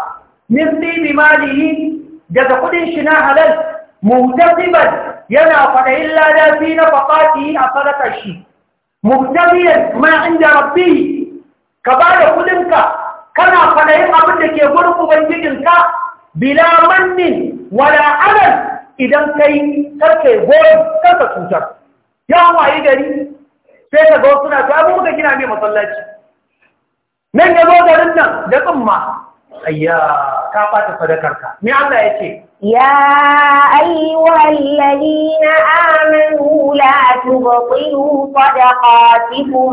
min bi malihi daga kudin shi na halal muhtasiban yana faɗayin lada fi na faƙati a sadakar shi muhtasiyan ma inda rabbi ka ba da kana kwaɗayin abin da ke gurin ka? bila mannin wala adal idan kai karke gori karka cutar Yau wayi gari sai ka wasu suna ta abubuwa gina mai masallaci nan ya zo garin nan da tsumma ayya ka fata sadakarka me Allah ya ce ya ayyuhal ladina amanu la tubtilu sadaqatikum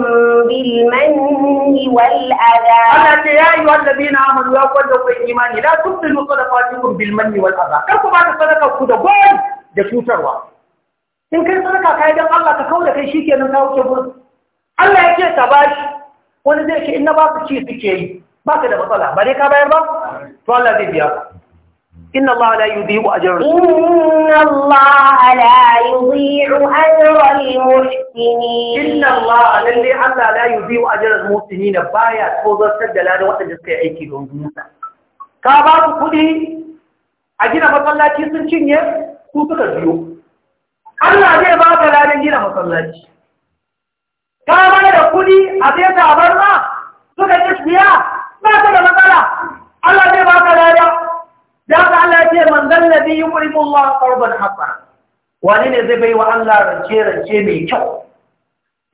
bil manni wal adha Allah ce ya ayyuhal ladina amanu ya kwanda ku imani la tubtilu sadaqatikum bil manni wal adha kar ku ba sadaka ku da goyi da cutarwa in kai sadaka kai dan Allah ka kauda kai shikenan ka wuce gurin Allah ya ce ka bashi wani zai ce ina ba su ci suke yi ba ka da matsala ba dai ka bayar ba to Allah zai biya ka inna Allah la yudhi'u ajra inna Allah la yudhi'u ajra al-muhsinin inna Allah lalle Allah la yudhi'u ajra al-muhsinin baya tozartar da ladan waɗanda suka yi aiki don dunsa ka ba ku kuɗi a gina masallaci sun cinye su suka biyo Allah zai ba ka ladan gina masallaci ka ba da kuɗi a sai tabarma suka ci siya ba ta da matsala Allah zai ba ka lada da ka Allah ya ce man zallabi yuqrimu Allah qarban hasana wani ne zai bai wa Allah rance rance mai kyau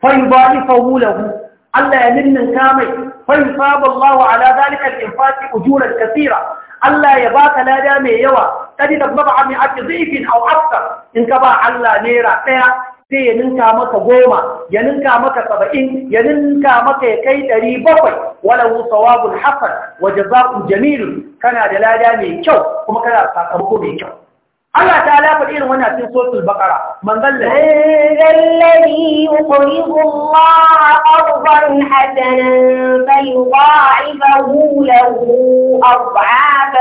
fai ba ifahu lahu Allah ya ninninka kamai. fai saba Allah ala zalika al-infaqi ujuran kathira Allah ya baka lada mai yawa kadi da baba ami ake zaifin aw akthar in ka ba Allah naira daya sai ya ninka maka goma ya ninka maka saba'in ya ninka maka ya kai ɗari bakwai walahu sawabun hasan wa jaza'un jamilun kana da lada mai kyau kuma kana sakamako mai kyau Allah ta alafa irin wannan cikin suratul baqara man dalla alladhi yuqrihu Allah ardan hadanan fayudha'ifahu lahu arba'an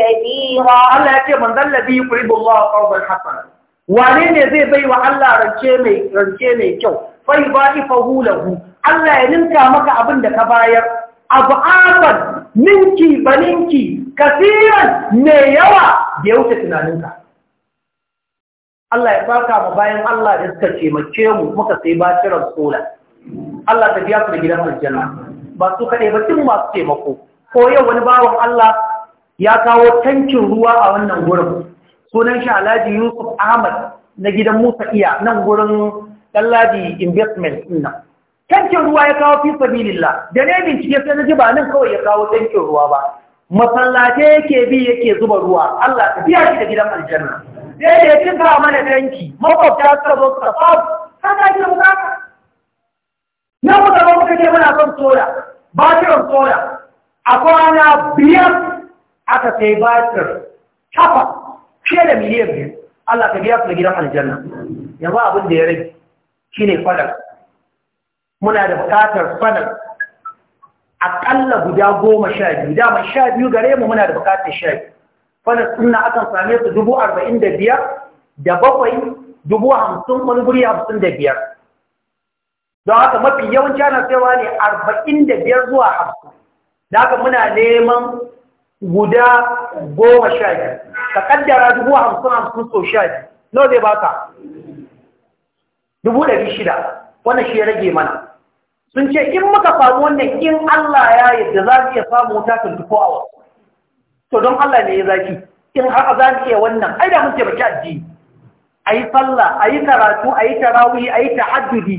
kathira Allah ya ce man dalla bi yuqrihu Allah ardan hasanan wane ne zai bai wa Allah rance mai rance mai kyau fai ba'ifahu lahu Allah ya ninka maka abin da ka bayar abu'afan ninki baninki kasiran mai yawa da ya wuce tunaninka Allah ya baka ma bayan Allah da suka taimake mu muka sai ba batiran sola Allah ta biya su da gidan aljanna ba su kaɗai ba tun masu taimako ko yau wani bawan Allah ya kawo tankin ruwa a wannan gurin sunan shi alhaji yusuf ahmad na gidan musa iya nan gurin ɗanladi investment nan tankin ruwa ya kawo fi sabilillah da ne bincike sai na ji ba nan kawai ya kawo tankin ruwa ba masallace yake bi yake zuba ruwa Allah ta biya shi da gidan aljanna sai da ya ka mana tanki makwabta suka zo suka fafu ka ji bukata na ku zama muka ce muna son soya batirin soya a kwana biyar aka sai batir takwas fiye da miliyan biyu Allah ka biya su da gidan aljanna yanzu abin da ya rage ne fadar muna da bukatar fadar aƙalla guda goma sha biyu dama sha biyu gare mu muna da bukatar sha biyu fadar suna akan same su dubu arba'in da biyar da bakwai dubu hamsin wani guri hamsin da biyar don haka mafi yawanci ana saiwa ne arba'in da biyar zuwa hamsin da haka muna neman guda goma sha biyu ka kaddara dubu hamsin hamsin so sha biyu nawa zai baka dubu ɗari shida wani shi ya rage mana sun ce in muka samu wannan in Allah ya yadda za mu iya samu wuta 24 hours to don Allah ne ya zaki? in har za mu iya wannan ai da mun ce baki addini yi sallah yi karatu a ayi tarawih yi tahajjudi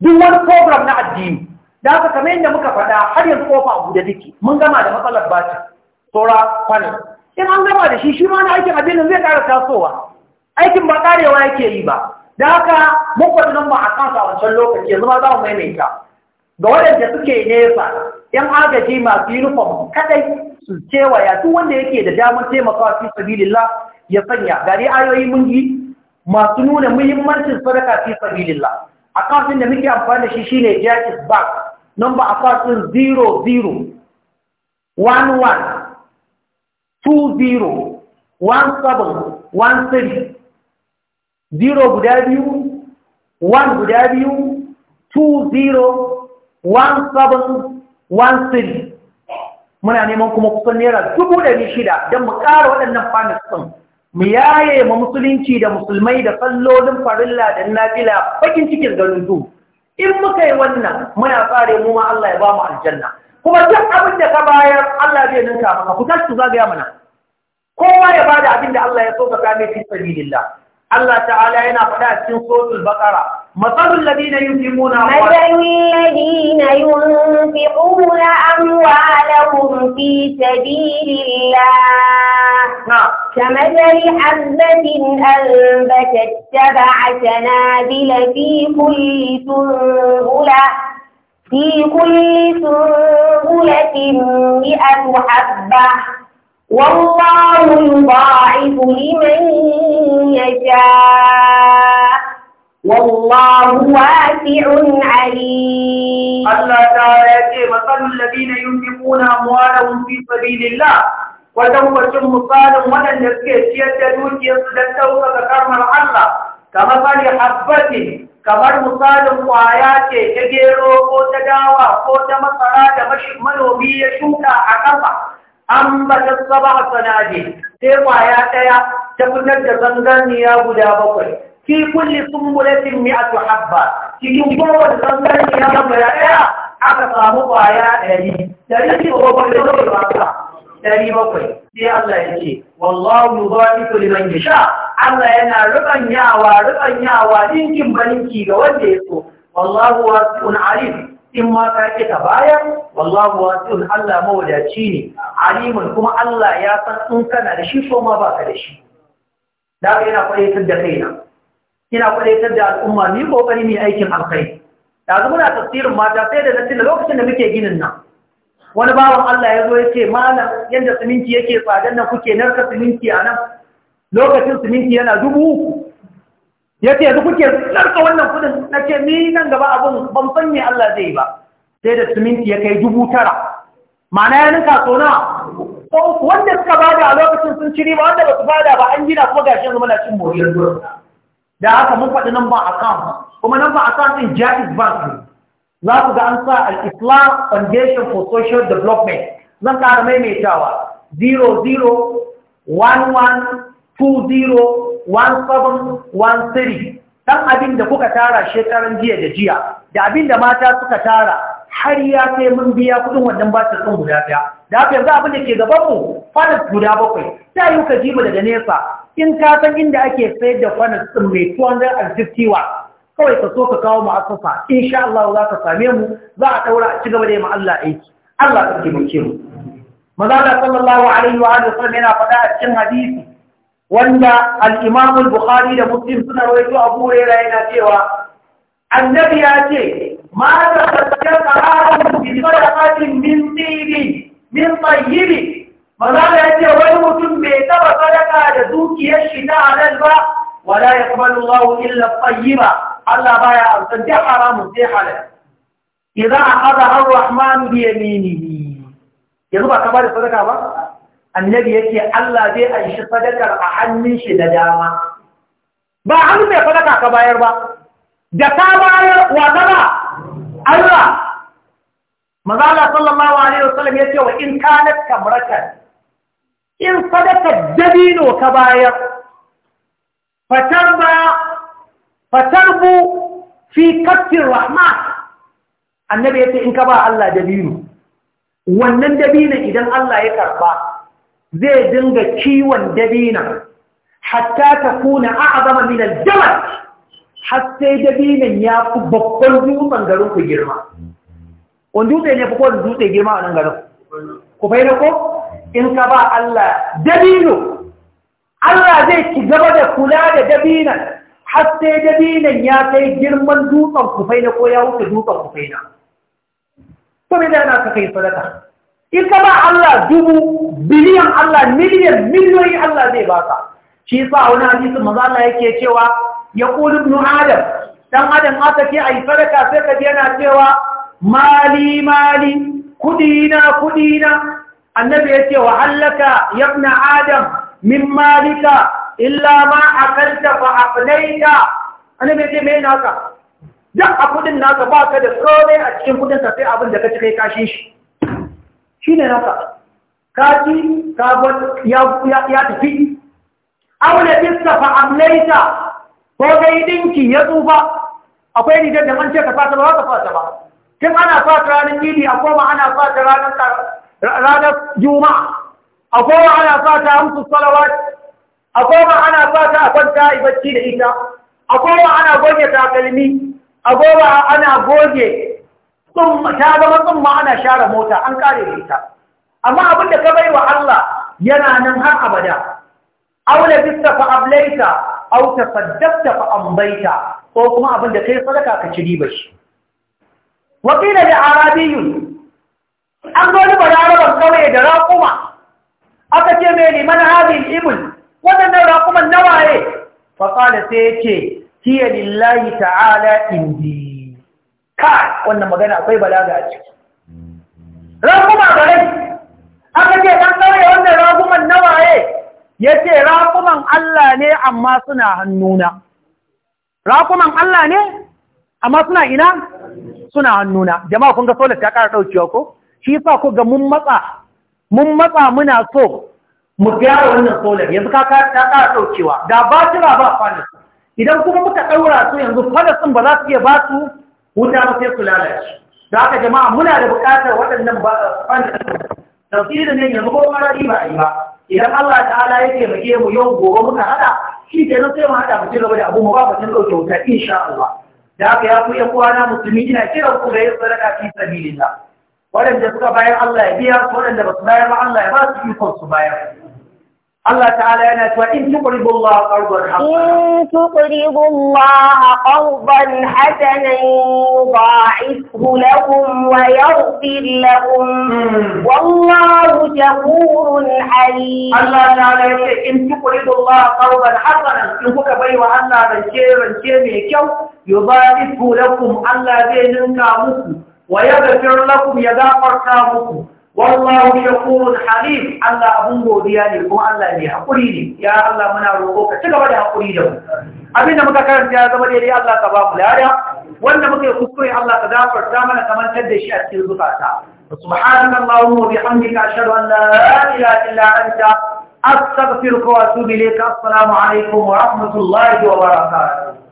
duk wani program na addini da haka kamar yadda muka faɗa har yanzu kofa a da mun gama da matsalar bata saura kwanan in an gaba da shi shi ma na aikin abin zai ƙara tasowa aikin ba ƙarewa yake yi ba da haka mukwai nan ba a kan wancan lokaci yanzu ma za mu maimaita ga waɗanda suke nesa yan agaji masu uniform kadai su kewaya duk wanda yake da damar taimakawa fi sabilillah ya sanya gari ayoyi mun yi masu nuna muhimmancin sadaka fi sabilillah a kafin da muke amfani da shi shine jackis bank number account 0011 20 17 13 muna neman kuma kusan naira dubu ɗari shida don mu ƙara waɗannan fanis ɗin mu yaye ma musulunci da musulmai da sallolin farilla da nafila bakin cikin garin in muka yi wannan muna tsare mu ma Allah ya ba mu aljanna kuma duk abin da ka bayar Allah zai ninka maka ku tashi ku zagaya mana kowa ya bada abin da Allah ya so ka kame fi sabilillah Allah ta'ala yana faɗa a cikin suratul baqara masalul ladina yunfiquna masalul ladina yunfiquna amwalahum fi sabilillah kamathali habatin anbatat sab'a sanabila fi kulli sunbulah في كل سنبلة رسولة مئة حبة والله يضاعف لمن يشاء والله واسع عليم الله تعالى يقول مثل الذين ينفقون أموالهم في سبيل الله وتوفى مثال ولا يسكت يتدوك يصدق توفى كرم الله كمثل حبة kamar misalin kwaya ce ta gero ko ta dawa ko ta masara da manomi ya shuka a ƙasa an ba ta saba a sanaje sai kwaya ɗaya ta fitar da zangarniya guda bakwai fi kulli sumbulatin a tuhabba cikin kowace zangarniya guda ɗaya aka samu kwaya ɗari ɗari ne ba ba da ba dari bakwai sai Allah ya ce wallahu yudha'ifu liman yasha Allah yana rubanyawa rubanyawa dinkin baninki ga wanda ya so wallahu wasi'un alim in ma ka ki ta baya wallahu wasi'un Allah mawadaci ne alimun kuma Allah ya san in kana da shi ko ma baka da shi da yana kwaitar da kaina ina kwaitar da al'umma ni kokari ne aikin alkhairi yanzu muna tafsirin mata sai da nace lokacin da muke ginin nan wani bawan Allah ya zo ya ce malam yadda siminti yake tsadan nan kuke narka siminti a nan lokacin siminti yana dubu ya ce yanzu kuke narka wannan kudin na ce ni nan gaba abin ban san me Allah zai ba sai da siminti ya kai dubu tara ma'ana ya ninka so na wanda suka bada a lokacin sun ciri ba wanda ba su bada ba an gina kuma gashin zama na cin moriyar da haka mun faɗi nan ba a kan kuma nan ba a kan ɗin jaiz bank ne za ku ga an sa al-islam foundation for social development zan ƙara maimaitawa 0011201713 ɗan abin da kuka tara shekaran jiya da jiya da abin da mata suka tara har ya kai mun biya kudin wannan ba su sun guda ɗaya da haka yanzu abin da ke gabanmu fanas guda bakwai ta yi ka jiba daga nesa in ka san inda ake sayar da fanas ɗin mai 250 wa kawai ka so ka kawo mu'assasa insha Allah za ka same mu za a daura a ci gaba da yi Allah aiki Allah ke muke mu maza Allah sallallahu alaihi wa alihi yana faɗa a cikin hadisi wanda al-Imam al-Bukhari da Muslim suna rawaito Abu Hurairah yana cewa annabi ya ce ma da sadaka ahadun bi sadaqatin min tibi min tayyibi maza Allah ya ce wani mutum bai taba sadaka da dukiyar shi ta halal ba ولا يقبل الله إلا الطيبة الله بايا أرسل دي حرام دي حلال إذا أخذها الرحمن بيمينه يضبع كبار الصدقة با النبي يكي الله دي أنش صدقة أحنن شد داما با عنه بي صدقة كباير با جتا باير وطبع الله ماذا الله صلى الله عليه وسلم يكي وإن كانت كمرة إن صدقة دبين وكباير fatarba fatarbu fi kafin rahman annabi ya ce in ka ba Allah dabino wannan dabinan idan Allah ya karba zai dinga kiwon dabinan hatta ta kuna a azama min aljabal har sai dabinan ya fi babban dutsen garin ku girma wani dutse ne fi kowane dutse girma a nan garin ku fai ko in ka ba Allah dabino Allah zai ci gaba da kula da dabinan har sai dabinan ya kai girman dutsen kufaina ko ya wuce dutsen kufaina to me da na ka kai sadaka in ka ba Allah dubu biliyan Allah miliyan miliyoyi Allah zai baka shi yasa wani hadisi maza Allah yake cewa ya ƙuli ibn adam dan adam aka a yi sadaka sai ka yana cewa mali mali kudina kudina annabi ya ce wa hallaka ya ibn adam min malika illa ma akanta fa aflaita annabi ce me naka duk a kudin naka ba ka da komai a cikin kudin sai abin da ka ci kai kashin shi shine naka ka ci ka ya ya tafi aure bisa fa amlaita ko dai dinki ya tsufa akwai rigar da an ce ka fata ba ka fata ba tun ana fata ranar idi a koma ana fata ranar juma'a akwai wa ana sa ta salawat akwai wa ana sa ta kwanta a bacci da ita akwai wa ana goge takalmi akwai wa ana goge ta zama tsumma ana share mota an kare da ita amma abin da ka bai wa Allah yana nan har abada aula bista fa ablaita au tasaddaqta fa ambaita ko kuma abin da kai sadaka ka ci riba shi qila da arabiyun an gani bararaban kawai da raƙuma aka ce mai liman hadin ibul waɗannan raƙuman nawaye faƙala sai ya ce hiya lillahi ta'ala indi ka wannan magana akwai balaga a ciki raƙuma garai aka ce ɗan ɗaure wannan raƙuman nawaye ya ce raƙuman Allah ne amma suna hannuna raƙuman Allah ne amma suna ina suna hannuna jama'a kun ga solar ta ƙara ɗaukewa ko shi sa ku ga mun matsa mun matsa muna so mu gyara wannan solar yanzu ka ta ka ɗaukewa da batira ba fanas idan kuma muka daura su yanzu falas ba za su iya ba su wuta ba sai su lalace da haka jama'a muna da buƙatar waɗannan fanasin tafsirin nan yanzu ko marari ba a yi ba idan Allah ta'ala ya muke mu yau gobe muka haɗa shi ke nan sai mu hada mu ci gaba da abu mu ba ba tun ɗauke wuta insha Allah da haka ya ku uwana musulmi ina kiran ku da yin sadaka fi sabilillah waɗanda suka bayar Allah ya biya su waɗanda ba su bayar ba Allah ya ba su ikon su bayar Allah ta'ala yana cewa in tuqridu Allah qardan hasanan in tuqridu Allah qardan hasanan yudha'ifhu lakum wa yaghfir lakum wallahu shakuru halim Allah ta'ala yace in tuqridu Allah qardan hasanan in kuka baiwa Allah rance rance mai kyau yudha'ifhu lakum Allah zai ninka muku ويغفر لكم يغفرتا muku wallahu shakurun halim Allah abun godiya ne kuma Allah ne hakuri ne ya Allah muna roƙo ka cigaba da hakuri da mu abinda muka karanta ya zama daidai Allah ka ba mu lada wanda muka yi kuskure Allah ka gafarta mana kamantar da shi a cikin zukata subhanaka allahumma wa bihamdika ashhadu an la ilaha illa anta astaghfiruka wa atubu ilayka assalamu alaikum wa rahmatullahi wa barakatuh